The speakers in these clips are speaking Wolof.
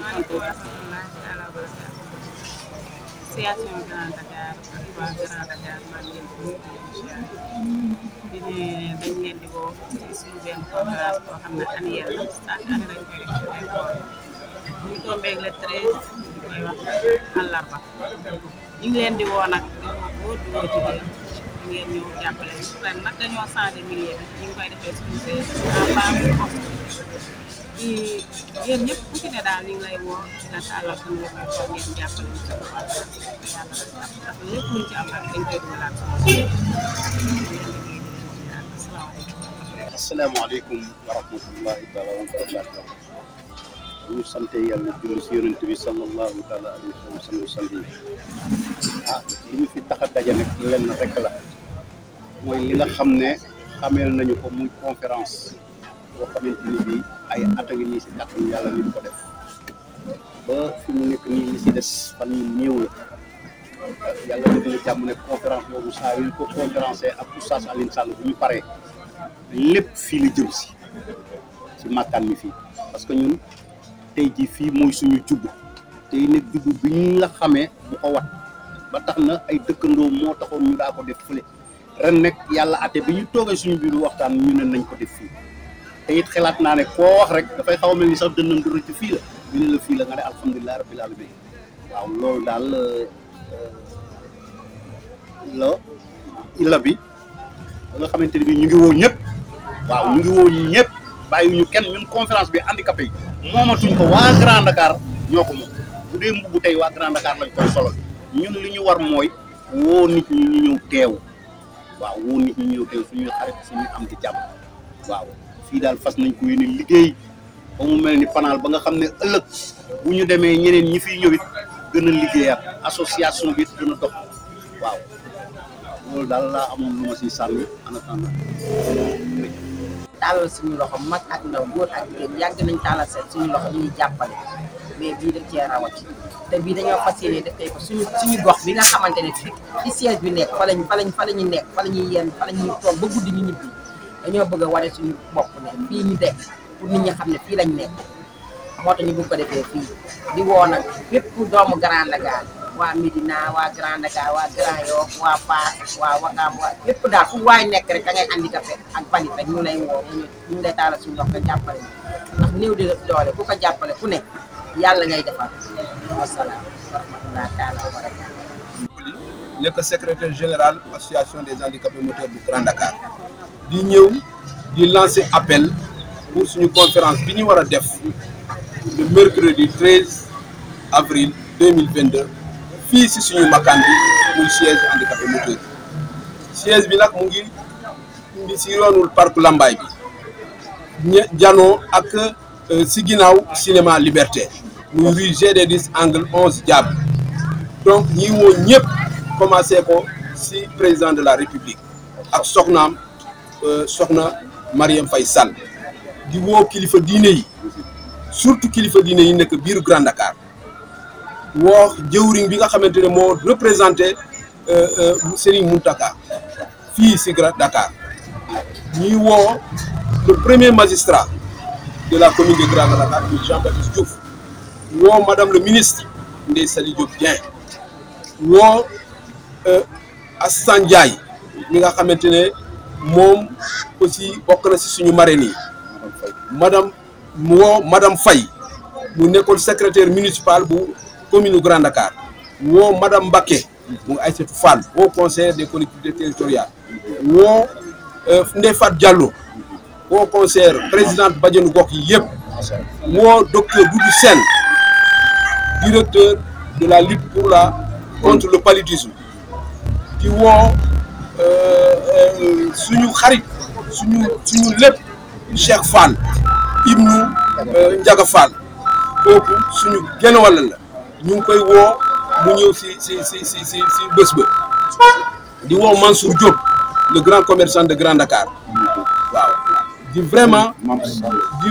maaleykum rahmatullaahi taala wa barakaatu. situation la chaque année lañ koy def ci weeru koor ñu tombeeg le leen di woo woo góor di ngeen ñëw jàppale ñu ren nag dañoo changé milieu bi ñu koy defee suñu see baax di yéen ñëpp ku ci ne daal ñu ngi lay woo nga tàllal suñu loxo ko ngeen jàppale ñu ci yàlla lépp luñ ci am dañ koy dugalaat asalaamaaleykum wa rahmatullahi taala wa barakatuh ñu sante yàlla julli si yonent bi sallallahu taala alayhi wa sallam sant ah li ñu fi tax a daje nag lenn rek la mooy li nga xam ne xameel nañu ko muy conférence boo xamante ni bii ay at a ngi nii si kàttanu yàlla ni du ko def ba fi mu nekk nii si des fan yu néew la yàlla def na jàmm ne conférence boobu saa yu ko conférence ak oustaz Alioune Sall bu ñu paree lépp fii la jëm si si màkkaan mi fii parce que ñun tey jii fii mooy suñu jubbu tey nag jubbu bi ñu la xamee bu ko wat ba tax na ay dëkkandoo moo taxoon ñu daa ko def fële ren nag yàlla ate bi ñu toogee suñu biiru waxtaan ñu ne nañ ko def fii te it xalaat naa ne koo wax rek dafay xaw mel ni sax dënnam du rëcc fii la ñu ne la fii la nga ne alhamdulilah rabbil alamin waaw loolu daal euh, illa bi ba xamante ni bi ñu ngi woo ñëpp waaw ñu ngi woo bàyyi bàyyiwuñu kenn ñun conférence bi handicapé yi moomatuñ ko waa Grand Dakar ñoo ko moom bu dee mbubu tey waa Grand Dakar lañ koy solo ñun li ñu war mooy woo nit ñu ñëw teew waaw woo nit ñi ñëw teew suñuy xarit suñuy am di jàmm waaw fii daal fas nañ ko yéene liggéey ba mu mel ni panaal ba nga xam ne ëllëg bu ñu demee ñeneen ñi fi ñëw it gën a liggéeyaat association bi gën a dox waaw loolu daal laa amoon lu ma si sànni en attendant. taalal suñu loxo mag ak ndaw góor ak jigéen yàgg nañ taalal suñu loxo ñu jàppale mais bii da cee rawati te bii dañoo fas yéene def tey suñu gox bi nga xamante ne fi ci siège bi nekk fa lañ fa la ñu nekk fa la ñuy yenn fa la ñuy toog ba guddi ñu ñibbi dañoo bëgg a wane suñu bopp ne fii ñu dekk xam ne fii lañ nekk moo tax ñu bëgg fii di woo nag bépp doomu Grand Dakar waa Médina waa Grand Dakar waa Grand Yoff waa Fass waa Wakaam bépp daal fu waay nekk rek a ngay andi café ak balit rek ñu lay woo ñu ngi lay taalal jàppale ndax néew di doole ku ko jàppale ku ne yàlla ngay defal Le secrétaire général association des handicapés moteurs du Grand Dakar di lancé di lancer appel pour une conférence bi ñu def mercredi 13 avril 2022 fii le suñu siège handicapé moteur siège bi nag mu ngi parc Lambaye Nous avons janoo ak euh, cinéma Liberté nous, rue des 10 angles, 11 diables. donc nous avons commencé si président de la république avons dit que surtout qu'il nous yi Grand Dakar Nous avons représenté euh, euh, Grand Dakar Nous avons le premier magistrat de la commune de Grand Dakar Jean-Baptiste woo madame le ministre Ndeye Saly bien. Dieng euh, woo Assane Ndiaye nga aussi bokk na si suñu madame mu madame Faye mu nekkoon secrétaire municipal bu commune Grand Dakar woo madame Baké, mu Aïssatou Fall au conseil des collectivités territoriales woo euh, Ndeye Fat Diallo au conseil présidente de gox yi yëpp docteur Doudou Sen, directeur de la lutte pour la, contre le paludisme di euh, euh, suñu xarit suñu suñu Cheikh Fall ibnu euh, Ndiaga Fall suñu genn la koy Mansour Diop le grand commerçant de Grand Dakar vraiment di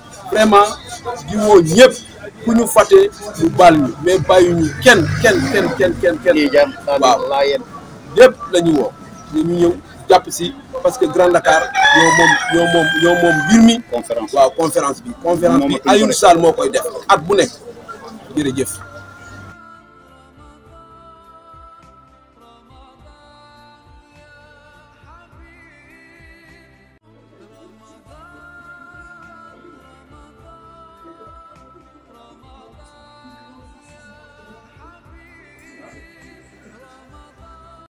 vraiment di woo ñëpp ku ñu fàtte ñu baal ñu mais bàyyi ñu kenn kenn kenn kenn kenn kenn ah, waaw ñëpp la ñu woo ñu ñëw jàpp si parce que Grand Dakar yow moom yow moom yow moom mbir mi conférence waaw conférence bi conférence bi Alioune Sall moo koy def at bu nekk jërëjëf